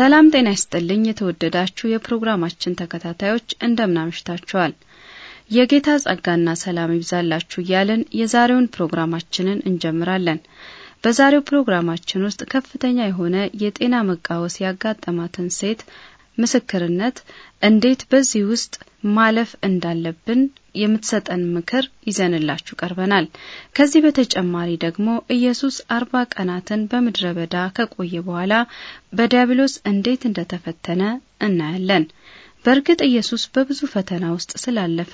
ሰላም ጤና ይስጥልኝ። የተወደዳችሁ የፕሮግራማችን ተከታታዮች እንደምን አምሽታችኋል? የጌታ ጸጋና ሰላም ይብዛላችሁ እያልን የዛሬውን ፕሮግራማችንን እንጀምራለን። በዛሬው ፕሮግራማችን ውስጥ ከፍተኛ የሆነ የጤና መቃወስ ያጋጠማትን ሴት ምስክርነት እንዴት በዚህ ውስጥ ማለፍ እንዳለብን የምትሰጠን ምክር ይዘንላችሁ ቀርበናል። ከዚህ በተጨማሪ ደግሞ ኢየሱስ አርባ ቀናትን በምድረ በዳ ከቆየ በኋላ በዲያብሎስ እንዴት እንደተፈተነ እናያለን። በእርግጥ ኢየሱስ በብዙ ፈተና ውስጥ ስላለፈ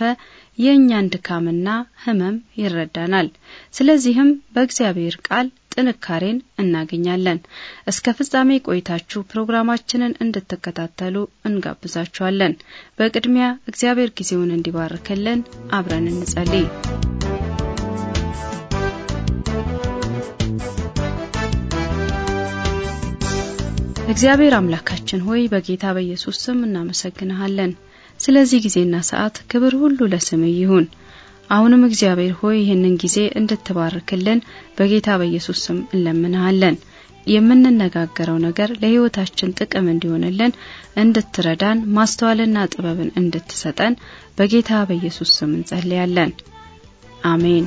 የእኛን ድካምና ሕመም ይረዳናል። ስለዚህም በእግዚአብሔር ቃል ጥንካሬን እናገኛለን። እስከ ፍጻሜ ቆይታችሁ ፕሮግራማችንን እንድትከታተሉ እንጋብዛችኋለን። በቅድሚያ እግዚአብሔር ጊዜውን እንዲባርክልን አብረን እንጸልይ። እግዚአብሔር አምላካችን ሆይ በጌታ በኢየሱስ ስም እናመሰግንሃለን። ስለዚህ ጊዜና ሰዓት ክብር ሁሉ ለስም ይሁን። አሁንም እግዚአብሔር ሆይ ይህንን ጊዜ እንድትባርክልን በጌታ በኢየሱስ ስም እንለምንሃለን። የምንነጋገረው ነገር ለሕይወታችን ጥቅም እንዲሆንልን እንድትረዳን፣ ማስተዋልና ጥበብን እንድትሰጠን በጌታ በኢየሱስ ስም እንጸልያለን። አሜን።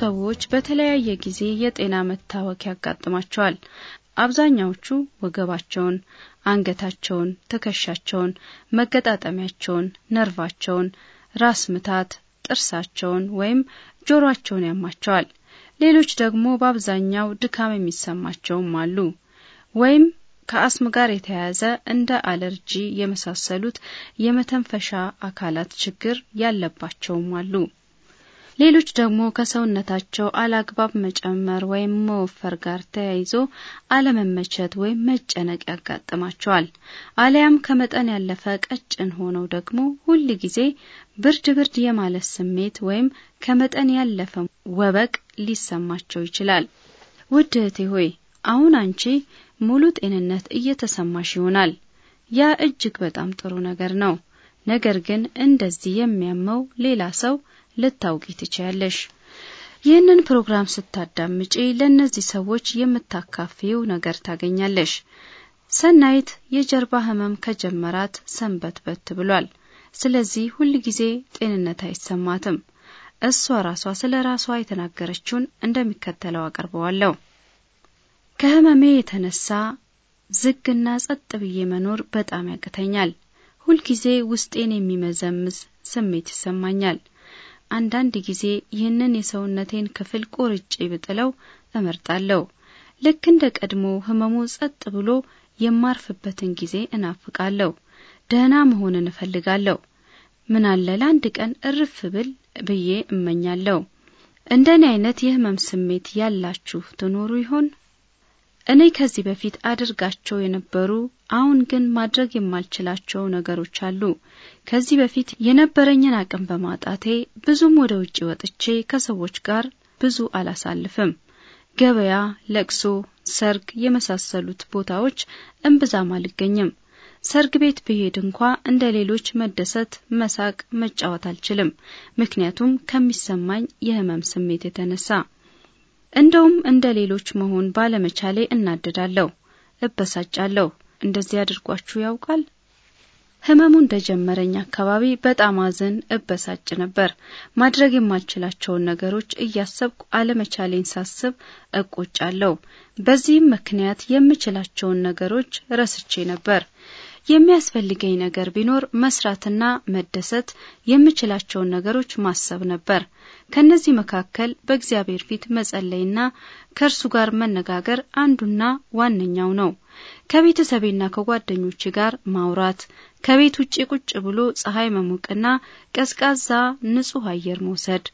ሰዎች በተለያየ ጊዜ የጤና መታወክ ያጋጥማቸዋል። አብዛኛዎቹ ወገባቸውን፣ አንገታቸውን፣ ትከሻቸውን፣ መገጣጠሚያቸውን፣ ነርቫቸውን፣ ራስ ምታት፣ ጥርሳቸውን ወይም ጆሮአቸውን ያማቸዋል። ሌሎች ደግሞ በአብዛኛው ድካም የሚሰማቸውም አሉ ወይም ከአስም ጋር የተያያዘ እንደ አለርጂ የመሳሰሉት የመተንፈሻ አካላት ችግር ያለባቸውም አሉ። ሌሎች ደግሞ ከሰውነታቸው አላግባብ መጨመር ወይም መወፈር ጋር ተያይዞ አለመመቸት ወይም መጨነቅ ያጋጥማቸዋል። አሊያም ከመጠን ያለፈ ቀጭን ሆነው ደግሞ ሁል ጊዜ ብርድ ብርድ የማለት ስሜት ወይም ከመጠን ያለፈ ወበቅ ሊሰማቸው ይችላል። ውድ እህቴ ሆይ አሁን አንቺ ሙሉ ጤንነት እየተሰማሽ ይሆናል። ያ እጅግ በጣም ጥሩ ነገር ነው። ነገር ግን እንደዚህ የሚያመው ሌላ ሰው ልታውቂ ትችያለሽ። ይህንን ፕሮግራም ስታዳምጪ ለእነዚህ ሰዎች የምታካፊው ነገር ታገኛለሽ። ሰናይት የጀርባ ህመም ከጀመራት ሰንበት በት ብሏል። ስለዚህ ሁል ጊዜ ጤንነት አይሰማትም። እሷ ራሷ ስለ ራሷ የተናገረችውን እንደሚከተለው አቀርበዋለሁ። ከህመሜ የተነሳ ዝግና ጸጥ ብዬ መኖር በጣም ያቅተኛል። ሁልጊዜ ውስጤን የሚመዘምዝ ስሜት ይሰማኛል። አንዳንድ ጊዜ ይህንን የሰውነቴን ክፍል ቆርጬ ብጥለው እመርጣለሁ። ልክ እንደ ቀድሞ ህመሙ ጸጥ ብሎ የማርፍበትን ጊዜ እናፍቃለሁ። ደህና መሆንን እፈልጋለሁ። ምን አለ ለአንድ ቀን እርፍ ብል ብዬ እመኛለሁ። እንደኔ አይነት የህመም ስሜት ያላችሁ ትኖሩ ይሆን? እኔ ከዚህ በፊት አድርጋቸው የነበሩ አሁን ግን ማድረግ የማልችላቸው ነገሮች አሉ። ከዚህ በፊት የነበረኝን አቅም በማጣቴ ብዙም ወደ ውጭ ወጥቼ ከሰዎች ጋር ብዙ አላሳልፍም። ገበያ፣ ለቅሶ፣ ሰርግ የመሳሰሉት ቦታዎች እምብዛም አልገኝም። ሰርግ ቤት ብሄድ እንኳ እንደ ሌሎች መደሰት፣ መሳቅ፣ መጫወት አልችልም። ምክንያቱም ከሚሰማኝ የህመም ስሜት የተነሳ እንደውም እንደ ሌሎች መሆን ባለመቻሌ እናደዳለሁ፣ እበሳጫለሁ። እንደዚህ አድርጓችሁ ያውቃል? ህመሙ እንደጀመረኝ አካባቢ በጣም አዝን፣ እበሳጭ ነበር። ማድረግ የማልችላቸውን ነገሮች እያሰብኩ አለመቻሌን ሳስብ እቆጫለሁ። በዚህም ምክንያት የምችላቸውን ነገሮች ረስቼ ነበር። የሚያስፈልገኝ ነገር ቢኖር መስራትና መደሰት የምችላቸውን ነገሮች ማሰብ ነበር። ከነዚህ መካከል በእግዚአብሔር ፊት መጸለይና ከእርሱ ጋር መነጋገር አንዱና ዋነኛው ነው። ከቤተሰቤና ከጓደኞቼ ጋር ማውራት፣ ከቤት ውጭ ቁጭ ብሎ ፀሐይ መሞቅና ቀዝቃዛ ንጹሕ አየር መውሰድ፣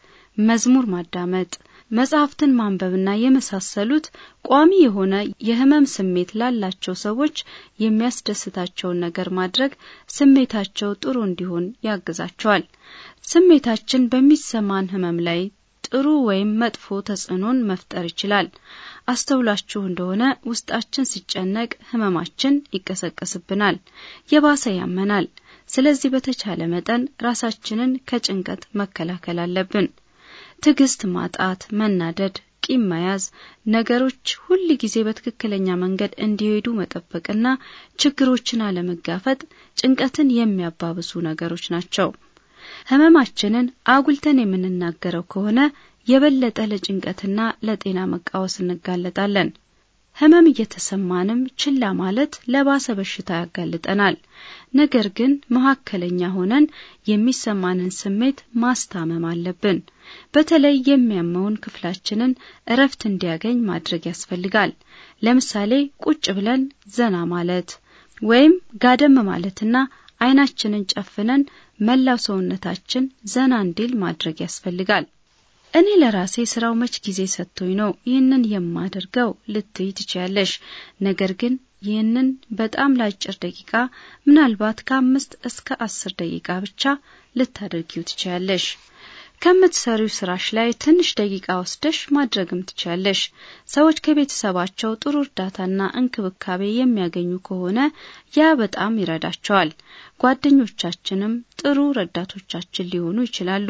መዝሙር ማዳመጥ መጽሐፍትን ማንበብና የመሳሰሉት ቋሚ የሆነ የህመም ስሜት ላላቸው ሰዎች የሚያስደስታቸውን ነገር ማድረግ ስሜታቸው ጥሩ እንዲሆን ያግዛቸዋል። ስሜታችን በሚሰማን ህመም ላይ ጥሩ ወይም መጥፎ ተጽዕኖን መፍጠር ይችላል። አስተውላችሁ እንደሆነ ውስጣችን ሲጨነቅ ህመማችን ይቀሰቀስብናል፣ የባሰ ያመናል። ስለዚህ በተቻለ መጠን ራሳችንን ከጭንቀት መከላከል አለብን። ትዕግስት ማጣት፣ መናደድ፣ ቂም መያዝ፣ ነገሮች ሁል ጊዜ በትክክለኛ መንገድ እንዲሄዱ መጠበቅና ችግሮችን አለመጋፈጥ ጭንቀትን የሚያባብሱ ነገሮች ናቸው። ህመማችንን አጉልተን የምንናገረው ከሆነ የበለጠ ለጭንቀትና ለጤና መቃወስ እንጋለጣለን። ህመም እየተሰማንም ችላ ማለት ለባሰ በሽታ ያጋልጠናል። ነገር ግን መካከለኛ ሆነን የሚሰማንን ስሜት ማስታመም አለብን። በተለይ የሚያመውን ክፍላችንን እረፍት እንዲያገኝ ማድረግ ያስፈልጋል። ለምሳሌ ቁጭ ብለን ዘና ማለት ወይም ጋደም ማለትና አይናችንን ጨፍነን መላው ሰውነታችን ዘና እንዲል ማድረግ ያስፈልጋል። እኔ ለራሴ ስራው መች ጊዜ ሰጥቶኝ ነው ይህንን የማደርገው ልትይ ትችያለሽ። ነገር ግን ይህንን በጣም ለአጭር ደቂቃ ምናልባት ከአምስት እስከ አስር ደቂቃ ብቻ ልታደርጊው ትችያለሽ። ከምትሰሪው ስራሽ ላይ ትንሽ ደቂቃ ወስደሽ ማድረግም ትችያለሽ። ሰዎች ከቤተሰባቸው ጥሩ እርዳታና እንክብካቤ የሚያገኙ ከሆነ ያ በጣም ይረዳቸዋል። ጓደኞቻችንም ጥሩ ረዳቶቻችን ሊሆኑ ይችላሉ።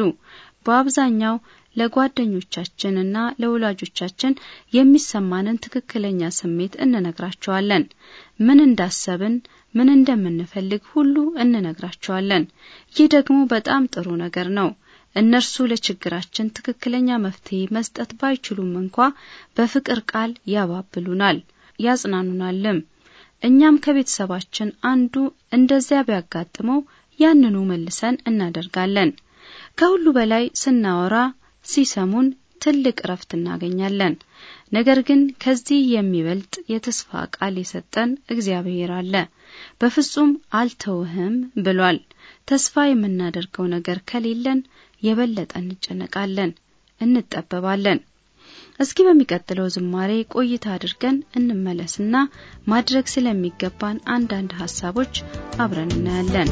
በአብዛኛው ለጓደኞቻችንና ለወላጆቻችን የሚሰማንን ትክክለኛ ስሜት እንነግራቸዋለን። ምን እንዳሰብን፣ ምን እንደምንፈልግ ሁሉ እንነግራቸዋለን። ይህ ደግሞ በጣም ጥሩ ነገር ነው። እነርሱ ለችግራችን ትክክለኛ መፍትሄ መስጠት ባይችሉም እንኳ በፍቅር ቃል ያባብሉናል፣ ያጽናኑናልም። እኛም ከቤተሰባችን አንዱ እንደዚያ ቢያጋጥመው ያንኑ መልሰን እናደርጋለን። ከሁሉ በላይ ስናወራ ሲሰሙን ትልቅ እረፍት እናገኛለን። ነገር ግን ከዚህ የሚበልጥ የተስፋ ቃል የሰጠን እግዚአብሔር አለ። በፍጹም አልተውህም ብሏል። ተስፋ የምናደርገው ነገር ከሌለን የበለጠ እንጨነቃለን፣ እንጠበባለን። እስኪ በሚቀጥለው ዝማሬ ቆይታ አድርገን እንመለስና ማድረግ ስለሚገባን አንዳንድ ሀሳቦች አብረን እናያለን።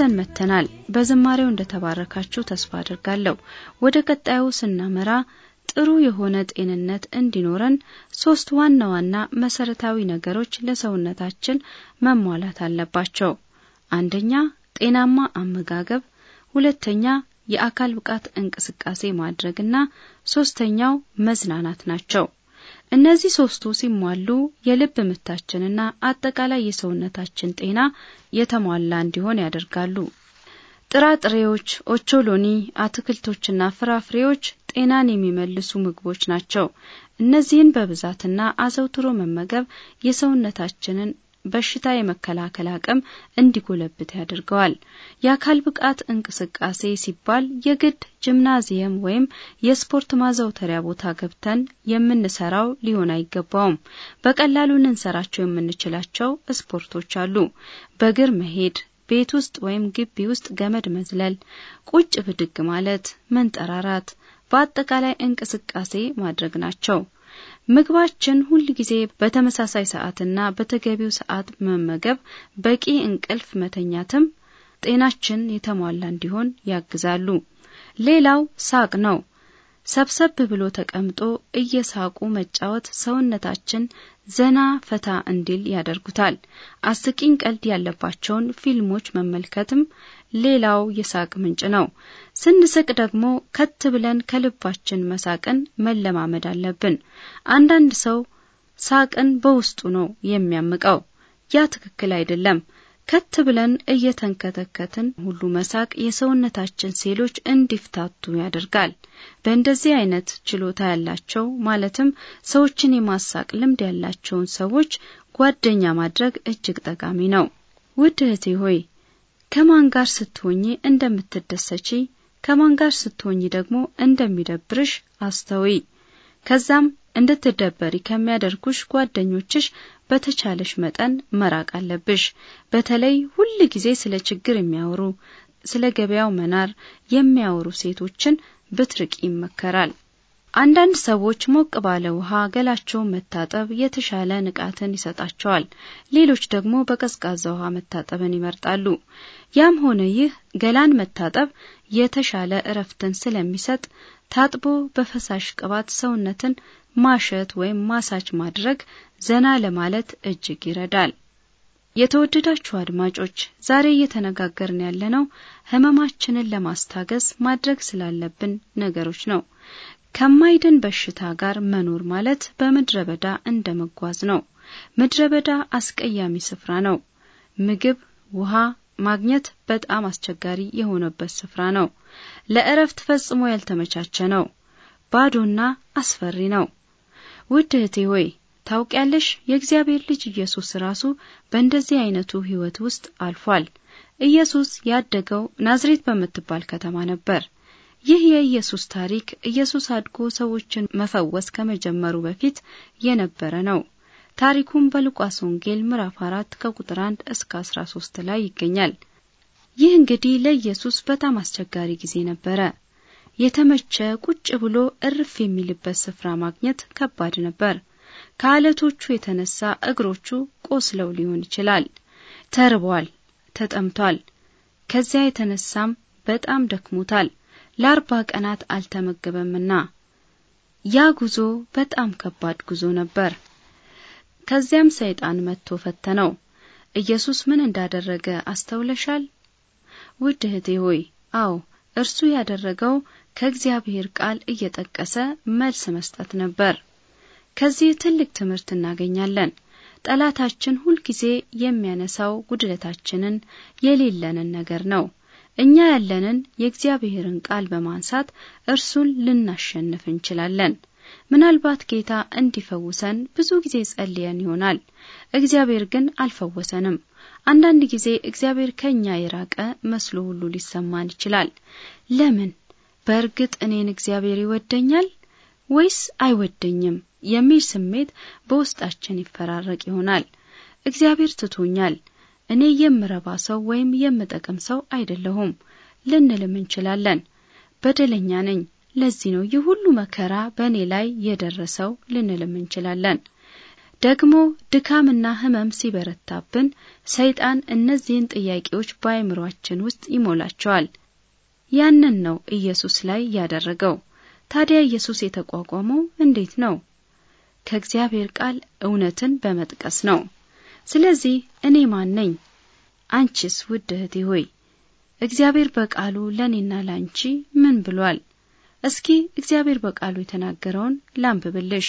ይዘን መጥተናል። በዝማሬው እንደተባረካችሁ ተስፋ አድርጋለሁ። ወደ ቀጣዩ ስናመራ ጥሩ የሆነ ጤንነት እንዲኖረን ሶስት ዋና ዋና መሰረታዊ ነገሮች ለሰውነታችን መሟላት አለባቸው። አንደኛ ጤናማ አመጋገብ፣ ሁለተኛ የአካል ብቃት እንቅስቃሴ ማድረግና ሶስተኛው መዝናናት ናቸው። እነዚህ ሶስቱ ሲሟሉ የልብ ምታችንና አጠቃላይ የሰውነታችን ጤና የተሟላ እንዲሆን ያደርጋሉ። ጥራጥሬዎች፣ ኦቾሎኒ፣ አትክልቶችና ፍራፍሬዎች ጤናን የሚመልሱ ምግቦች ናቸው። እነዚህን በብዛትና አዘውትሮ መመገብ የሰውነታችንን በሽታ የመከላከል አቅም እንዲጎለብት ያደርገዋል። የአካል ብቃት እንቅስቃሴ ሲባል የግድ ጂምናዚየም ወይም የስፖርት ማዘውተሪያ ቦታ ገብተን የምንሰራው ሊሆን አይገባውም። በቀላሉ ልንሰራቸው የምንችላቸው ስፖርቶች አሉ። በእግር መሄድ፣ ቤት ውስጥ ወይም ግቢ ውስጥ ገመድ መዝለል፣ ቁጭ ብድግ ማለት፣ መንጠራራት፣ በአጠቃላይ እንቅስቃሴ ማድረግ ናቸው። ምግባችን ሁል ጊዜ በተመሳሳይ ሰዓትና በተገቢው ሰዓት መመገብ፣ በቂ እንቅልፍ መተኛትም ጤናችን የተሟላ እንዲሆን ያግዛሉ። ሌላው ሳቅ ነው። ሰብሰብ ብሎ ተቀምጦ እየሳቁ መጫወት ሰውነታችን ዘና ፈታ እንዲል ያደርጉታል። አስቂኝ ቀልድ ያለባቸውን ፊልሞች መመልከትም ሌላው የሳቅ ምንጭ ነው። ስንስቅ ደግሞ ከት ብለን ከልባችን መሳቅን መለማመድ አለብን። አንዳንድ ሰው ሳቅን በውስጡ ነው የሚያምቀው። ያ ትክክል አይደለም። ከት ብለን እየተንከተከትን ሁሉ መሳቅ የሰውነታችን ሴሎች እንዲፍታቱ ያደርጋል። በእንደዚህ አይነት ችሎታ ያላቸው ማለትም ሰዎችን የማሳቅ ልምድ ያላቸውን ሰዎች ጓደኛ ማድረግ እጅግ ጠቃሚ ነው። ውድ እህቴ ሆይ ከማን ጋር ስትሆኚ እንደምትደሰቺ ከማን ጋር ስትሆኚ ደግሞ እንደሚደብርሽ አስተውይ። ከዛም እንድትደበሪ ከሚያደርጉሽ ጓደኞችሽ በተቻለሽ መጠን መራቅ አለብሽ። በተለይ ሁል ጊዜ ስለ ችግር የሚያወሩ ስለ ገበያው መናር የሚያወሩ ሴቶችን ብትርቅ ይመከራል። አንዳንድ ሰዎች ሞቅ ባለ ውሃ ገላቸውን መታጠብ የተሻለ ንቃትን ይሰጣቸዋል። ሌሎች ደግሞ በቀዝቃዛ ውሃ መታጠብን ይመርጣሉ። ያም ሆነ ይህ ገላን መታጠብ የተሻለ እረፍትን ስለሚሰጥ ታጥቦ በፈሳሽ ቅባት ሰውነትን ማሸት ወይም ማሳች ማድረግ ዘና ለማለት እጅግ ይረዳል። የተወደዳችሁ አድማጮች ዛሬ እየተነጋገርን ያለነው ህመማችንን ለማስታገስ ማድረግ ስላለብን ነገሮች ነው። ከማይድን በሽታ ጋር መኖር ማለት በምድረ በዳ እንደ መጓዝ ነው። ምድረ በዳ አስቀያሚ ስፍራ ነው። ምግብ፣ ውሃ ማግኘት በጣም አስቸጋሪ የሆነበት ስፍራ ነው። ለእረፍት ፈጽሞ ያልተመቻቸ ነው። ባዶና አስፈሪ ነው። ውድ እህቴ ሆይ ታውቂያለሽ፣ የእግዚአብሔር ልጅ ኢየሱስ ራሱ በእንደዚህ አይነቱ ሕይወት ውስጥ አልፏል። ኢየሱስ ያደገው ናዝሬት በምትባል ከተማ ነበር። ይህ የኢየሱስ ታሪክ ኢየሱስ አድጎ ሰዎችን መፈወስ ከመጀመሩ በፊት የነበረ ነው። ታሪኩም በሉቃስ ወንጌል ምዕራፍ 4 ከቁጥር 1 እስከ 13 ላይ ይገኛል። ይህ እንግዲህ ለኢየሱስ በጣም አስቸጋሪ ጊዜ ነበረ። የተመቸ ቁጭ ብሎ እርፍ የሚልበት ስፍራ ማግኘት ከባድ ነበር። ከአለቶቹ የተነሳ እግሮቹ ቆስለው ሊሆን ይችላል። ተርቧል፣ ተጠምቷል። ከዚያ የተነሳም በጣም ደክሞታል። ለአርባ ቀናት አልተመገበምና ያ ጉዞ በጣም ከባድ ጉዞ ነበር። ከዚያም ሰይጣን መጥቶ ፈተነው። ኢየሱስ ምን እንዳደረገ አስተውለሻል? ውድ እህቴ ሆይ፣ አዎ እርሱ ያደረገው ከእግዚአብሔር ቃል እየጠቀሰ መልስ መስጠት ነበር። ከዚህ ትልቅ ትምህርት እናገኛለን። ጠላታችን ሁልጊዜ የሚያነሳው ጉድለታችንን፣ የሌለንን ነገር ነው። እኛ ያለንን የእግዚአብሔርን ቃል በማንሳት እርሱን ልናሸንፍ እንችላለን። ምናልባት ጌታ እንዲፈውሰን ብዙ ጊዜ ጸልየን ይሆናል። እግዚአብሔር ግን አልፈወሰንም። አንዳንድ ጊዜ እግዚአብሔር ከእኛ የራቀ መስሎ ሁሉ ሊሰማን ይችላል። ለምን? በእርግጥ እኔን እግዚአብሔር ይወደኛል ወይስ አይወደኝም የሚል ስሜት በውስጣችን ይፈራረቅ ይሆናል። እግዚአብሔር ትቶኛል እኔ የምረባ ሰው ወይም የምጠቅም ሰው አይደለሁም ልንልም እንችላለን። በደለኛ ነኝ፣ ለዚህ ነው ይህ ሁሉ መከራ በእኔ ላይ የደረሰው ልንልም እንችላለን። ደግሞ ድካምና ሕመም ሲበረታብን ሰይጣን እነዚህን ጥያቄዎች በአእምሯችን ውስጥ ይሞላቸዋል። ያንን ነው ኢየሱስ ላይ ያደረገው። ታዲያ ኢየሱስ የተቋቋመው እንዴት ነው? ከእግዚአብሔር ቃል እውነትን በመጥቀስ ነው። ስለዚህ እኔ ማን ነኝ? አንቺስ ውድ እህቴ ሆይ እግዚአብሔር በቃሉ ለእኔና ላንቺ ምን ብሏል? እስኪ እግዚአብሔር በቃሉ የተናገረውን ላንብብልሽ።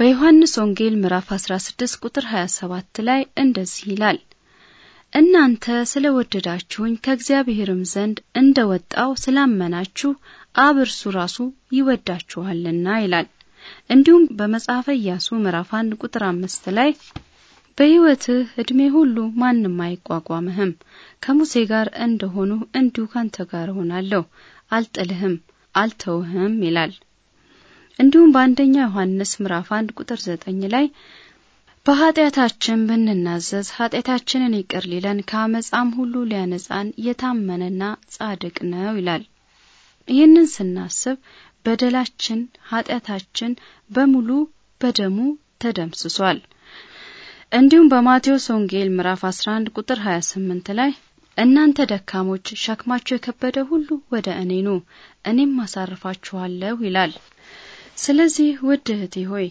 በዮሐንስ ወንጌል ምዕራፍ 16 ቁጥር 27 ላይ እንደዚህ ይላል እናንተ ስለ ወደዳችሁኝ ከእግዚአብሔርም ዘንድ እንደ ወጣው ስላመናችሁ አብ እርሱ ራሱ ይወዳችኋልና ይላል። እንዲሁም በመጽሐፈ ኢያሱ ምዕራፍ 1 ቁጥር 5 ላይ በሕይወትህ ዕድሜ ሁሉ ማንም አይቋቋምህም። ከሙሴ ጋር እንደሆኑ እንዲሁ ካንተ ጋር እሆናለሁ፣ አልጥልህም፣ አልተውህም ይላል። እንዲሁም በአንደኛ ዮሐንስ ምዕራፍ አንድ ቁጥር ዘጠኝ ላይ በኃጢአታችን ብንናዘዝ ኃጢአታችንን ይቅር ሊለን ከአመፃም ሁሉ ሊያነጻን የታመነና ጻድቅ ነው ይላል። ይህንን ስናስብ በደላችን ኃጢአታችን በሙሉ በደሙ ተደምስሷል። እንዲሁም በማቴዎስ ወንጌል ምዕራፍ 11 ቁጥር 28 ላይ እናንተ ደካሞች ሸክማችሁ የከበደ ሁሉ ወደ እኔ ኑ እኔም አሳርፋችኋለሁ ይላል። ስለዚህ ውድ እህቴ ሆይ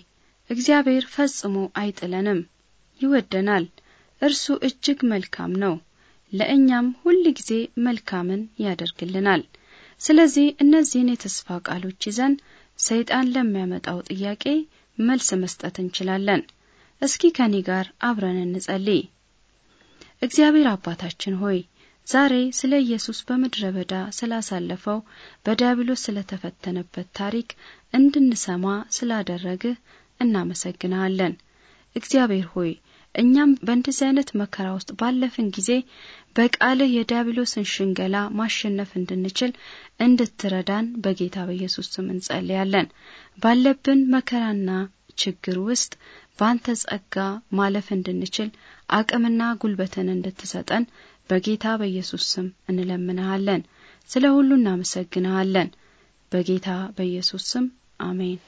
እግዚአብሔር ፈጽሞ አይጥለንም፣ ይወደናል። እርሱ እጅግ መልካም ነው፣ ለእኛም ሁል ጊዜ መልካምን ያደርግልናል። ስለዚህ እነዚህን የተስፋ ቃሎች ይዘን ሰይጣን ለሚያመጣው ጥያቄ መልስ መስጠት እንችላለን። እስኪ ከኔ ጋር አብረን እንጸልይ። እግዚአብሔር አባታችን ሆይ ዛሬ ስለ ኢየሱስ በምድረ በዳ ስላሳለፈው በዲያብሎስ ስለተፈተነበት ታሪክ እንድንሰማ ስላደረግህ እናመሰግናለን። እግዚአብሔር ሆይ እኛም በእንደዚህ አይነት መከራ ውስጥ ባለፍን ጊዜ በቃልህ የዲያብሎስን ሽንገላ ማሸነፍ እንድንችል እንድትረዳን በጌታ በኢየሱስ ስም እንጸልያለን። ባለብን መከራና ችግር ውስጥ በአንተ ጸጋ ማለፍ እንድንችል አቅምና ጉልበትን እንድትሰጠን በጌታ በኢየሱስ ስም እንለምንሃለን። ስለ ሁሉ እናመሰግንሃለን። በጌታ በኢየሱስ ስም አሜን።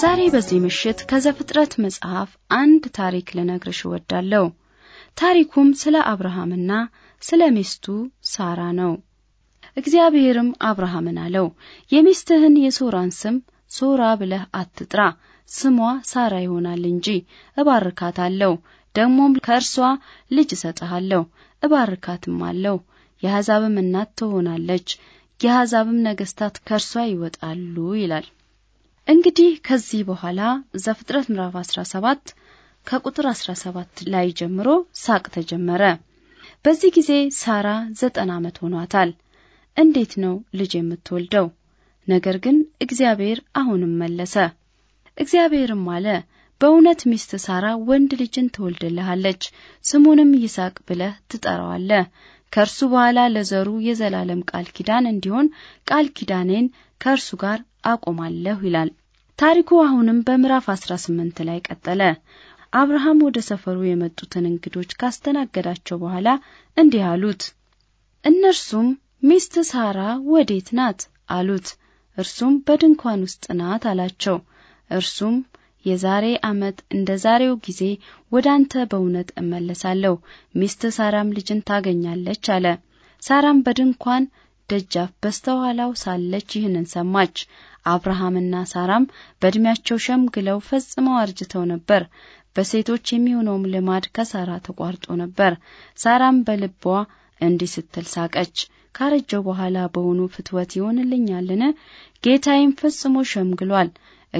ዛሬ በዚህ ምሽት ከዘፍጥረት መጽሐፍ አንድ ታሪክ ልነግርሽ እወዳለሁ። ታሪኩም ስለ አብርሃምና ስለ ሚስቱ ሳራ ነው። እግዚአብሔርም አብርሃምን አለው፣ የሚስትህን የሶራን ስም ሶራ ብለህ አትጥራ፣ ስሟ ሳራ ይሆናል እንጂ እባርካታለሁ፣ ደግሞም ከእርሷ ልጅ እሰጥሃለሁ፣ እባርካትም አለው። የአሕዛብም እናት ትሆናለች፣ የአሕዛብም ነገሥታት ከእርሷ ይወጣሉ ይላል። እንግዲህ ከዚህ በኋላ ዘፍጥረት ምዕራፍ 17 ከቁጥር 17 ላይ ጀምሮ ሳቅ ተጀመረ። በዚህ ጊዜ ሳራ ዘጠና ዓመት ሆኗታል። እንዴት ነው ልጅ የምትወልደው? ነገር ግን እግዚአብሔር አሁንም መለሰ። እግዚአብሔርም አለ በእውነት ሚስት ሳራ ወንድ ልጅን ትወልድልሃለች፣ ስሙንም ይስሐቅ ብለህ ትጠራዋለህ። ከእርሱ በኋላ ለዘሩ የዘላለም ቃል ኪዳን እንዲሆን ቃል ኪዳኔን ከእርሱ ጋር አቆማለሁ ይላል። ታሪኩ አሁንም በምዕራፍ 18 ላይ ቀጠለ። አብርሃም ወደ ሰፈሩ የመጡትን እንግዶች ካስተናገዳቸው በኋላ እንዲህ አሉት። እነርሱም ሚስት ሳራ ወዴት ናት አሉት። እርሱም በድንኳን ውስጥ ናት አላቸው። እርሱም የዛሬ ዓመት እንደ ዛሬው ጊዜ ወደ አንተ በእውነት እመለሳለሁ፣ ሚስት ሳራም ልጅን ታገኛለች አለ። ሳራም በድንኳን ደጃፍ በስተኋላው ሳለች ይህንን ሰማች። አብርሃምና ሳራም በእድሜያቸው ሸምግለው ፈጽመው አርጅተው ነበር። በሴቶች የሚሆነውም ልማድ ከሳራ ተቋርጦ ነበር። ሳራም በልቧ እንዲህ ስትል ሳቀች። ካረጀው በኋላ በውኑ ፍትወት ይሆንልኛልን? ጌታዬም ፈጽሞ ሸምግሏል።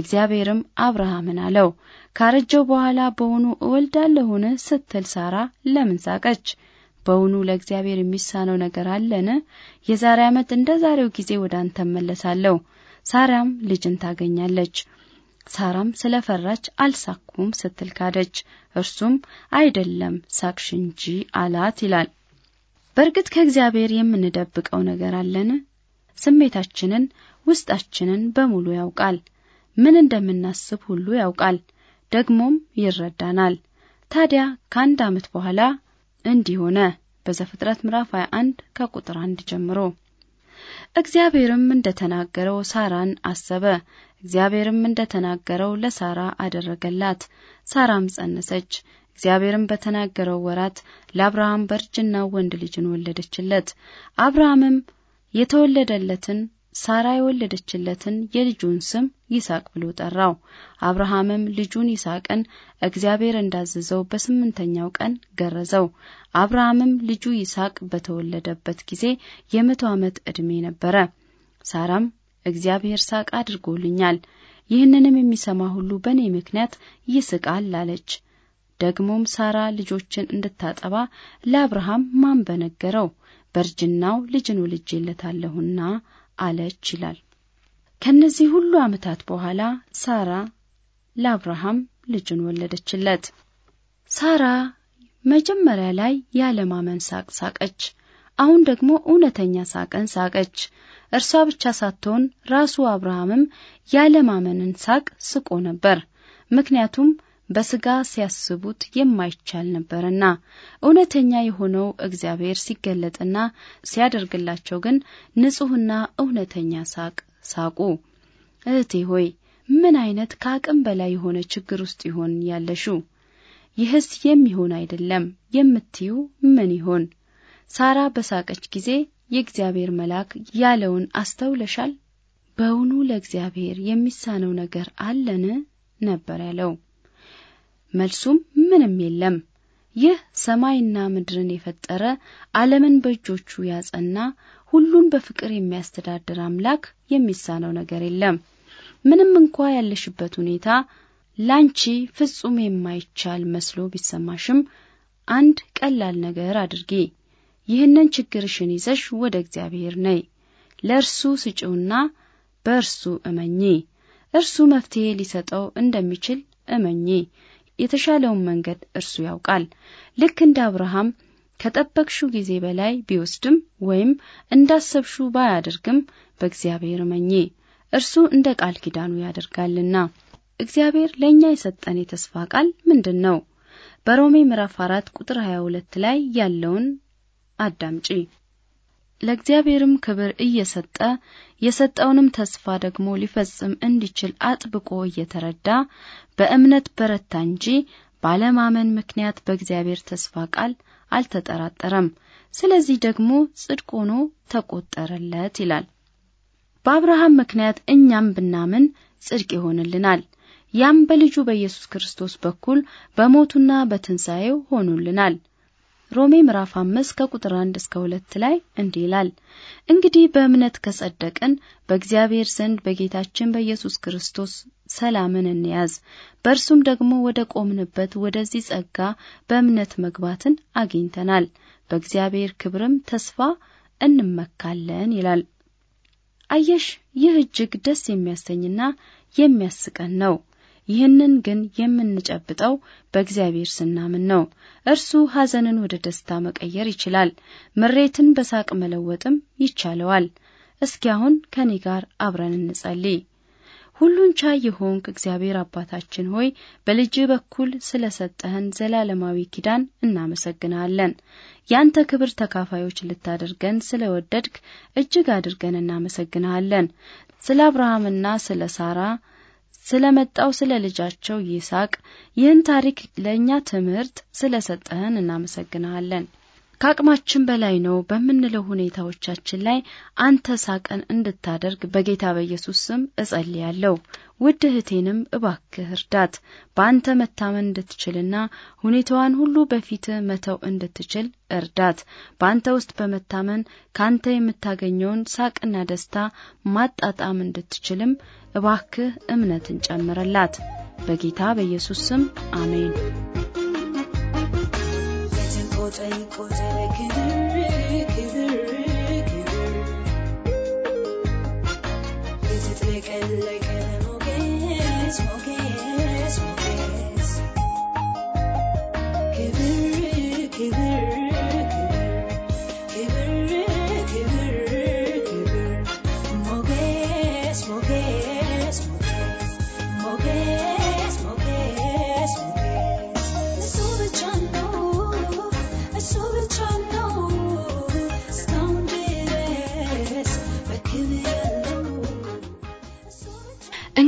እግዚአብሔርም አብርሃምን አለው፣ ካረጀው በኋላ በውኑ እወልዳለሁን ስትል ሳራ ለምን ሳቀች? በውኑ ለእግዚአብሔር የሚሳነው ነገር አለን? የዛሬ ዓመት እንደ ዛሬው ጊዜ ወደ አንተ እመለሳለሁ ሳራም ልጅን ታገኛለች። ሳራም ስለፈራች አልሳኩም ስትል ካደች። እርሱም አይደለም ሳቅሽ እንጂ አላት ይላል። በእርግጥ ከእግዚአብሔር የምንደብቀው ነገር አለን? ስሜታችንን፣ ውስጣችንን በሙሉ ያውቃል። ምን እንደምናስብ ሁሉ ያውቃል፣ ደግሞም ይረዳናል። ታዲያ ከአንድ ዓመት በኋላ እንዲህ ሆነ። በዘፍጥረት ምዕራፍ 21 ከቁጥር አንድ ጀምሮ እግዚአብሔርም እንደተናገረው ሳራን አሰበ። እግዚአብሔርም እንደተናገረው ለሳራ አደረገላት። ሳራም ጸነሰች። እግዚአብሔርም በተናገረው ወራት ለአብርሃም በእርጅናው ወንድ ልጅን ወለደችለት። አብርሃምም የተወለደለትን ሳራ የወለደችለትን የልጁን ስም ይስሐቅ ብሎ ጠራው። አብርሃምም ልጁን ይስሐቅን እግዚአብሔር እንዳዘዘው በስምንተኛው ቀን ገረዘው። አብርሃምም ልጁ ይስሐቅ በተወለደበት ጊዜ የመቶ ዓመት ዕድሜ ነበረ። ሳራም እግዚአብሔር ሳቅ አድርጎልኛል፣ ይህንንም የሚሰማ ሁሉ በእኔ ምክንያት ይስቃል አለች። ደግሞም ሳራ ልጆችን እንድታጠባ ለአብርሃም ማን በነገረው? በርጅናው ልጅን ወልጄለታለሁና አለች ይላል። ከነዚህ ሁሉ ዓመታት በኋላ ሳራ ለአብርሃም ልጅን ወለደችለት። ሳራ መጀመሪያ ላይ ያለማመን ሳቅ ሳቀች። አሁን ደግሞ እውነተኛ ሳቅን ሳቀች። እርሷ ብቻ ሳትሆን ራሱ አብርሃምም ያለማመንን ሳቅ ስቆ ነበር። ምክንያቱም በስጋ ሲያስቡት የማይቻል ነበርና እውነተኛ የሆነው እግዚአብሔር ሲገለጥና ሲያደርግላቸው ግን ንጹሕና እውነተኛ ሳቅ ሳቁ። እህቴ ሆይ ምን አይነት ከአቅም በላይ የሆነ ችግር ውስጥ ይሆን ያለሹ? ይህስ የሚሆን አይደለም የምትዩ ምን ይሆን? ሳራ በሳቀች ጊዜ የእግዚአብሔር መልአክ ያለውን አስተውለሻል? በውኑ ለእግዚአብሔር የሚሳነው ነገር አለን? ነበር ያለው። መልሱም ምንም የለም። ይህ ሰማይና ምድርን የፈጠረ ዓለምን በእጆቹ ያጸና ሁሉን በፍቅር የሚያስተዳድር አምላክ የሚሳነው ነገር የለም። ምንም እንኳ ያለሽበት ሁኔታ ላንቺ ፍጹም የማይቻል መስሎ ቢሰማሽም አንድ ቀላል ነገር አድርጊ። ይህንን ችግርሽን ይዘሽ ወደ እግዚአብሔር ነይ፣ ለእርሱ ስጪውና በእርሱ እመኚ። እርሱ መፍትሄ ሊሰጠው እንደሚችል እመኚ። የተሻለውን መንገድ እርሱ ያውቃል። ልክ እንደ አብርሃም ከጠበቅሹ ጊዜ በላይ ቢወስድም ወይም እንዳሰብሹ ባያደርግም በእግዚአብሔር እመኚ፣ እርሱ እንደ ቃል ኪዳኑ ያደርጋልና። እግዚአብሔር ለእኛ የሰጠን የተስፋ ቃል ምንድን ነው? በሮሜ ምዕራፍ አራት ቁጥር 22 ሁለት ላይ ያለውን አዳምጪ። ለእግዚአብሔርም ክብር እየሰጠ የሰጠውንም ተስፋ ደግሞ ሊፈጽም እንዲችል አጥብቆ እየተረዳ በእምነት በረታ እንጂ ባለማመን ምክንያት በእግዚአብሔር ተስፋ ቃል አልተጠራጠረም። ስለዚህ ደግሞ ጽድቅ ሆኖ ተቆጠረለት ይላል። በአብርሃም ምክንያት እኛም ብናምን ጽድቅ ይሆንልናል። ያም በልጁ በኢየሱስ ክርስቶስ በኩል በሞቱና በትንሣኤው ሆኖልናል። ሮሜ ምዕራፍ 5 ከቁጥር 1 እስከ 2 ላይ እንዲህ ይላል፣ እንግዲህ በእምነት ከጸደቅን በእግዚአብሔር ዘንድ በጌታችን በኢየሱስ ክርስቶስ ሰላምን እንያዝ። በእርሱም ደግሞ ወደ ቆምንበት ወደዚህ ጸጋ በእምነት መግባትን አግኝተናል፣ በእግዚአብሔር ክብርም ተስፋ እንመካለን ይላል። አየሽ፣ ይህ እጅግ ደስ የሚያሰኝና የሚያስቀን ነው። ይህንን ግን የምንጨብጠው በእግዚአብሔር ስናምን ነው። እርሱ ሐዘንን ወደ ደስታ መቀየር ይችላል። ምሬትን በሳቅ መለወጥም ይቻለዋል። እስኪ አሁን ከኔ ጋር አብረን እንጸልይ። ሁሉን ቻይ የሆንክ እግዚአብሔር አባታችን ሆይ በልጅ በኩል ስለ ሰጠህን ዘላለማዊ ኪዳን እናመሰግናለን። ያንተ ክብር ተካፋዮች ልታደርገን ስለ ወደድክ እጅግ አድርገን እናመሰግናለን። ስለ አብርሃምና ስለ ሳራ ስለመጣው ስለ ልጃቸው ይስሐቅ ይህን ታሪክ ለእኛ ትምህርት ስለሰጠህን እናመሰግንሃለን። ከአቅማችን በላይ ነው በምንለው ሁኔታዎቻችን ላይ አንተ ሳቀን እንድታደርግ በጌታ በኢየሱስ ስም እጸልያለሁ። ውድ እህቴንም እባክህ እርዳት። በአንተ መታመን እንድትችልና ሁኔታዋን ሁሉ በፊት መተው እንድትችል እርዳት። በአንተ ውስጥ በመታመን ከአንተ የምታገኘውን ሳቅና ደስታ ማጣጣም እንድትችልም እባክህ እምነትን ጨምርላት። በጌታ በኢየሱስ ስም አሜን። I Smoking, it.